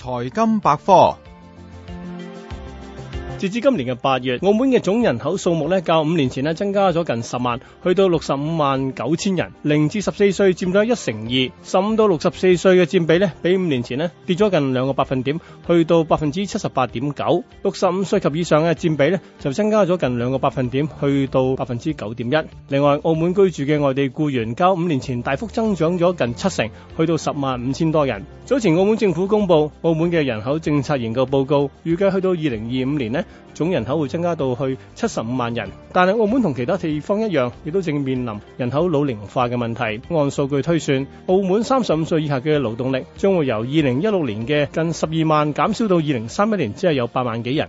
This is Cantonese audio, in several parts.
財金百科。截至今年嘅八月，澳門嘅總人口數目咧，較五年前呢增加咗近十萬，去到六十五萬九千人。零至十四歲佔咗一成二，十五到六十四歲嘅佔比咧，比五年前呢跌咗近兩個百分點，去到百分之七十八點九。六十五歲及以上嘅佔比咧，就增加咗近兩個百分點，去到百分之九點一。另外，澳門居住嘅外地僱員較五年前大幅增長咗近七成，去到十萬五千多人。早前澳門政府公布澳門嘅人口政策研究報告，預計去到二零二五年呢。總人口會增加到去七十五萬人，但係澳門同其他地方一樣，亦都正面臨人口老齡化嘅問題。按數據推算，澳門三十五歲以下嘅勞動力將會由二零一六年嘅近十二萬減少到二零三一年，只係有八萬幾人。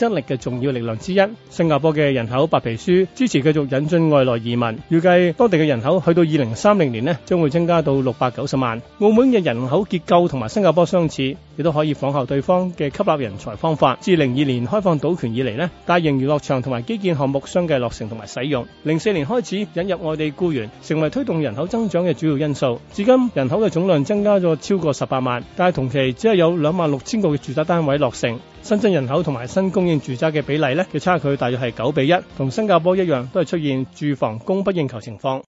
爭力嘅重要力量之一。新加坡嘅人口白皮書支持繼續引進外來移民，預計當地嘅人口去到二零三零年呢，將會增加到六百九十萬。澳門嘅人口結構同埋新加坡相似，亦都可以仿效對方嘅吸納人才方法。自零二年開放賭權以嚟呢，大型娛樂場同埋基建項目相繼落成同埋使用。零四年開始引入外地僱員，成為推動人口增長嘅主要因素。至今人口嘅總量增加咗超過十八萬，但係同期只係有兩萬六千個嘅住宅單位落成。新增人口同埋新供應住宅嘅比例咧，嘅差距大約係九比一，同新加坡一樣都係出現住房供不應求情況。